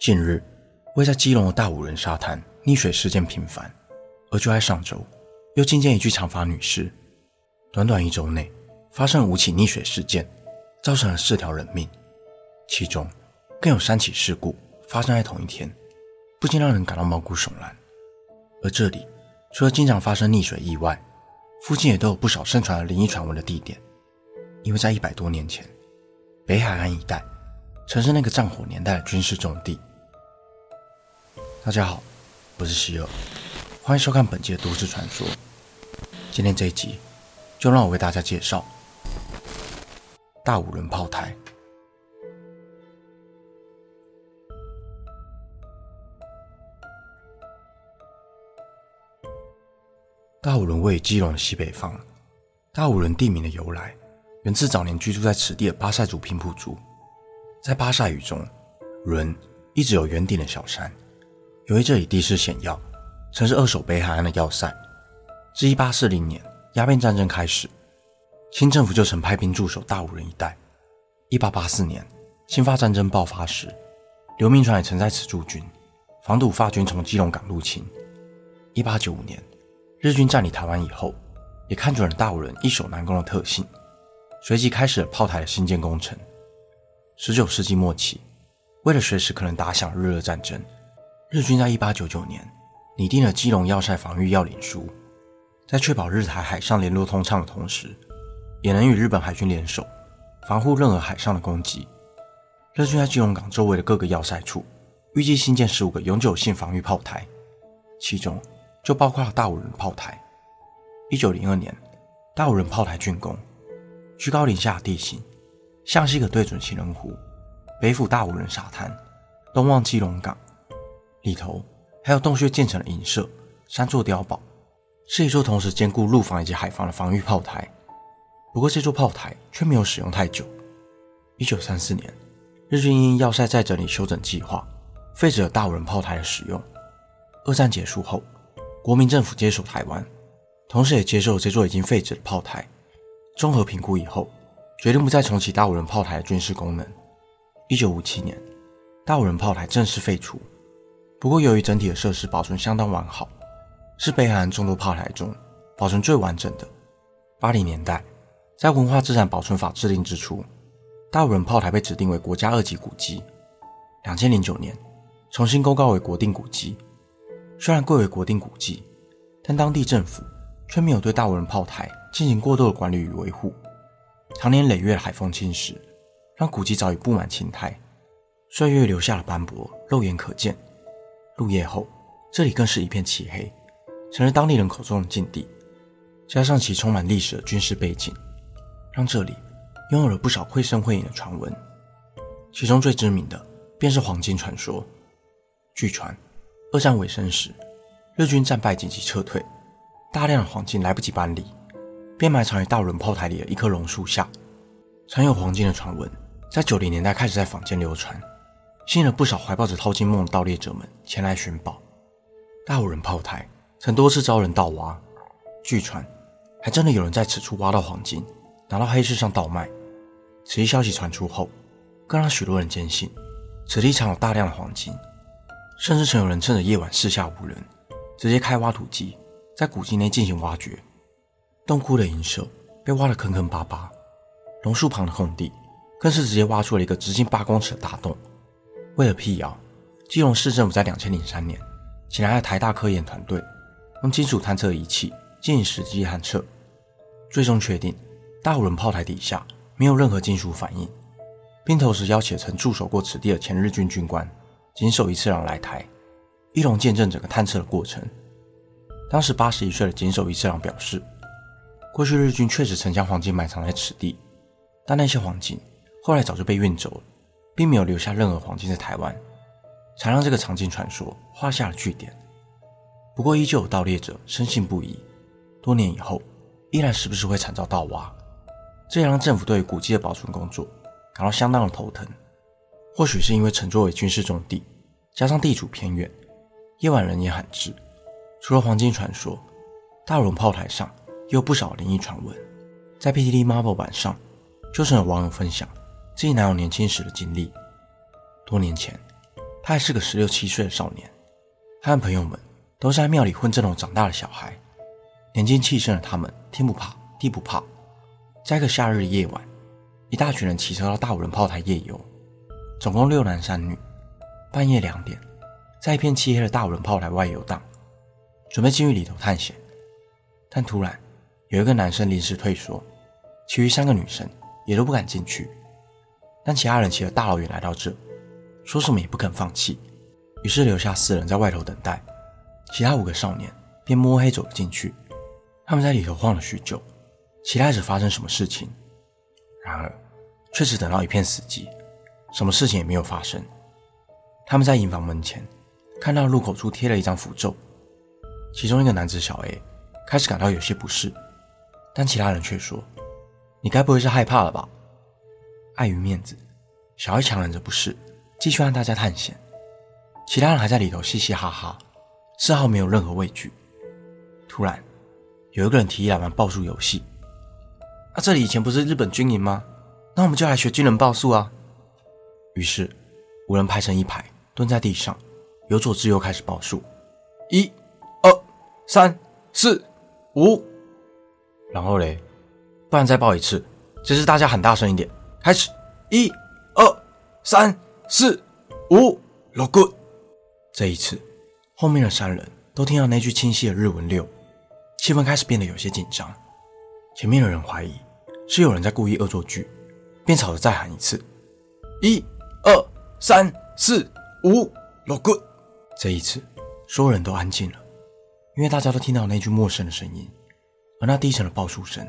近日，位在基隆的大武崙沙灘溺水事件頻繁，而就在上周，又驚見一具長髮女屍。短短一周內，發生了五起溺水事件，造成了四條人命，其中更有三起事故發生在同一天，不禁讓人感到毛骨悚然。而這裡除了經常發生溺水意外，附近也都有不少盛傳著靈異傳聞的地點，因為在一百多年前，北海岸一帶。曾是那個戰火年代的軍事重地。大家好，我是希爾，歡迎收看本期的《都市傳說》。今天這一集，就讓我為大家介紹大武崙砲台。大武崙位於基隆的西北方，大武崙地名的由來，源自早年居住在此地的巴賽族平埔族。在巴賽語中，崙一直有圓頂的小山。由於這裡地勢險要，曾是扼守北海岸的要塞。自1840年鴉片戰爭開始，清政府就曾派兵駐守大武崙一帶。1884年，清法戰爭爆發時，劉銘傳也曾在此駐軍，防堵法軍從基隆港入侵。1895年，日軍占領台灣以後，也看準了大武崙易守難攻的特性，隨即開始了炮台的興建工程。19世紀末期，為了隨時可能打響日俄戰爭，日軍在1899年擬定了基隆要塞防御要領書，在確保日台海上聯絡通暢的同時，也能與日本海軍聯手，防護任何海上的攻擊。日軍在基隆港周圍的各個要塞處，預計新建15個永久性防御炮台，其中就包括了大武崙炮台。1902年，大武崙炮台竣工，居高臨下的地形。向西可對準情人湖，北俯大武崙沙灘，東望基隆港，裡頭還有洞穴建成的營舍，三座碉堡，是一座同時兼顧陸防以及海防的防禦炮台。不過，這座炮台卻沒有使用太久。一九三四年，日軍因要塞再整理修整計劃，廢止了大武崙炮台的使用。二戰結束後，國民政府接手台灣，同時也接受了這座已經廢止的炮台。綜合評估以後。決定不再重啟大武崙炮台的軍事功能。一九五七年，大武崙炮台正式廢除。不過，由於整體的設施保存相當完好，是北海岸眾多炮台中保存最完整的。八零年代，在文化資產保存法制定之初，大武崙炮台被指定為國家二級古蹟。兩千零九年，重新公告為國定古蹟。雖然貴為國定古蹟，但當地政府卻沒有對大武崙炮台進行過多的管理與維護。常年累月的海風侵蝕，讓古蹟早已布滿青苔，歲月留下了斑駁，肉眼可見。入夜後，這裡更是一片漆黑，成了當地人口中的禁地。加上其充滿歷史的軍事背景，讓這裡擁有了不少繪聲繪影的傳聞。其中最知名的便是黃金傳說。據傳，二戰尾聲時，日軍戰敗緊急撤退，大量的黃金來不及搬離。便埋藏於大武崙炮台裡的一棵榕樹下，藏有黃金的傳聞在九零年代開始在坊間流傳，吸引了不少懷抱着淘金夢的盜獵者們前來尋寶。大武崙炮台曾多次遭人盜挖，據傳還真的有人在此處挖到黃金，拿到黑市上倒賣。此一消息傳出後，更讓許多人堅信此地藏有大量的黃金，甚至曾有人趁着夜晚四下無人，直接開挖土機在古蹟內進行挖掘。洞窟的營舍被挖得坑坑巴巴，榕樹旁的空地更是直接挖出了一個直徑八公尺的大洞。為了闢謠，基隆市政府在二千零三年請來了台大科研團隊，用金屬探測儀器進行實際探測，最終確定大武崙炮臺底下沒有任何金屬反應，並同時邀請曾駐守過此地的前日軍軍官井守一次郎來台一同見證整個探測的過程。當時八十一歲的井守一次郎表示，過去日軍確實曾將黃金埋藏在此地，但那些黃金後來早就被運走了，並沒有留下任何黃金在台灣，才讓這個藏金傳說畫下了句點。不過，依舊有盜獵者深信不疑，多年以後依然時不時會慘遭盜挖，這也讓政府對於古蹟的保存工作感到相當的頭疼。或許是因為曾作為軍事重地，加上地處偏遠，夜晚人煙罕至，除了黃金傳說，大武崙砲台上，有不少靈異傳聞，在 PTT Marvel 版上，就是有網友分享自己男友年輕時的經歷。多年前，他還是個十六七歲的少年，他和朋友們都是在廟裡混這種長大的小孩，年輕氣盛的他們，天不怕地不怕。在一個夏日的夜晚，一大群人騎車到大武崙炮台夜遊，總共六男三女。半夜兩點，在一片漆黑的大武崙炮台外遊蕩，準備進入裡頭探險，但突然。有一個男生臨時退縮，其餘三個女生也都不敢進去。但其他人騎着大老遠來到這，說什麼也不肯放棄，於是留下四人在外頭等待。其他五個少年便摸黑走了進去。他們在裡頭晃了許久，期待着發生什麼事情，然而卻只等到一片死寂，什麼事情也沒有發生。他們在營房門前看到路口處貼了一張符咒，其中一個男子小 A 開始感到有些不適。但其他人卻說：“你該不會是害怕了吧？”礙於面子，小愛強忍着不適，繼續讓大家探險。其他人還在裡頭嘻嘻哈哈，絲毫沒有任何畏懼。突然，有一個人提議來玩報數遊戲：“那、啊、這裡以前不是日本軍營嗎？那我們就來學軍人報數啊！”於是，五人排成一排，蹲在地上，由左至右開始報數：一、二、三、四、五。然後嘞，不然再報一次。這次大家喊大聲一點，開始，一、二、三、四、五，六 good。這一次，後面的三人都聽到那句清晰的日文六，氣氛開始變得有些緊張。前面的人懷疑是有人在故意惡作劇，便吵着再喊一次，一、二、三、四、五，六 good。這一次，所有人都安靜了，因為大家都聽到那句陌生的聲音。而那低沉的報數聲，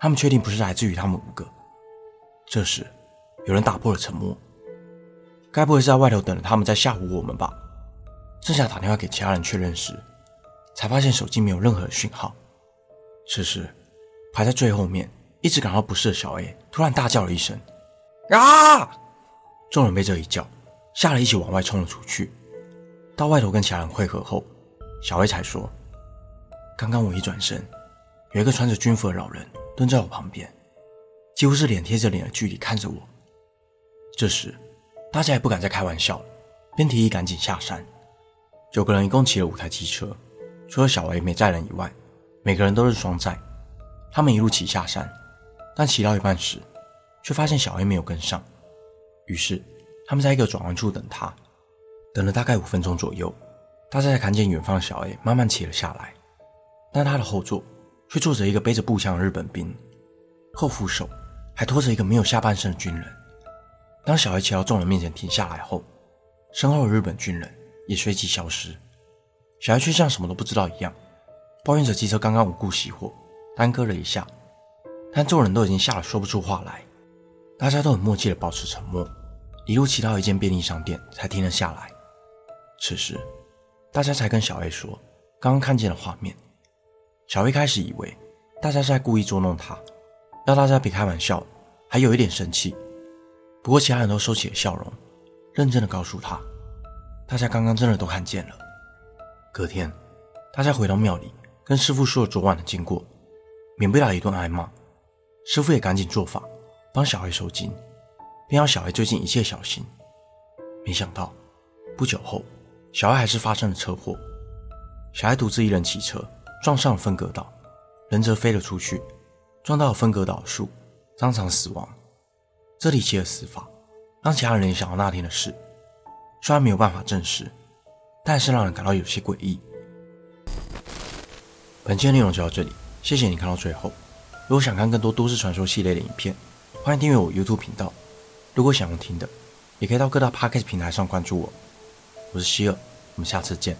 他們確定不是來自於他們五個。這時，有人打破了沉默。該不會是在外頭等着他們在嚇唬我們吧？正想打電話給其他人確認時，才發現手機沒有任何的訊號。此時，排在最後面、一直感到不適的小 A 突然大叫了一聲：“啊！”眾人被這一叫嚇了一起往外衝了出去。到外頭跟其他人匯合後，小 A 才說：“剛剛我一轉身。”有一個穿着軍服的老人蹲在我旁邊，幾乎是臉貼着臉的距離看着我。這時，大家也不敢再開玩笑了，便提議趕緊下山。九個人一共騎了五台機車，除了小 A 沒載人以外，每個人都是雙載。他們一路騎下山，但騎到一半時，却發現小 A 沒有跟上。於是，他們在一個轉彎處等他，等了大概五分鐘左右，大家才看見遠方的小 A 慢慢騎了下來，但他的後座。卻坐着一個背着步槍的日本兵，後扶手還拖着一個沒有下半身的軍人。當小黑騎到眾人面前停下來後，身後的日本軍人也隨即消失。小艾卻像什麼都不知道一樣，抱怨着機車剛剛無故熄火，耽擱了一下。但眾人都已經嚇得說不出話來，大家都很默契地保持沉默，一路騎到一間便利商店才停了下來。此時，大家才跟小 a 說，剛剛看見了畫面。小艾開始以為大家是在故意捉弄他，要大家別開玩笑，還有一點生氣。不過，其他人都收起了笑容，認真的告訴他，大家剛剛真的都看見了。隔天，大家回到廟裡，跟師父說了昨晚的經過，免不了一頓挨罵。師父也趕緊做法幫小艾收驚，並讓小艾最近一切小心。沒想到，不久後，小艾還是發生了車禍。小艾獨自一人騎車。撞上了分隔島，人則飛了出去，撞到了分隔島的樹，當場死亡。這離奇的死法，讓其他人聯想到那天的事，雖然沒有辦法證實，但是讓人感到有些詭異。本期的內容就到這裡，謝謝你看到最後。如果想看更多都市傳說系列的影片，歡迎訂閱我 YouTube 頻道。如果想要聽的，也可以到各大 Podcast 平台上關注我。我是希爾，我們下次見。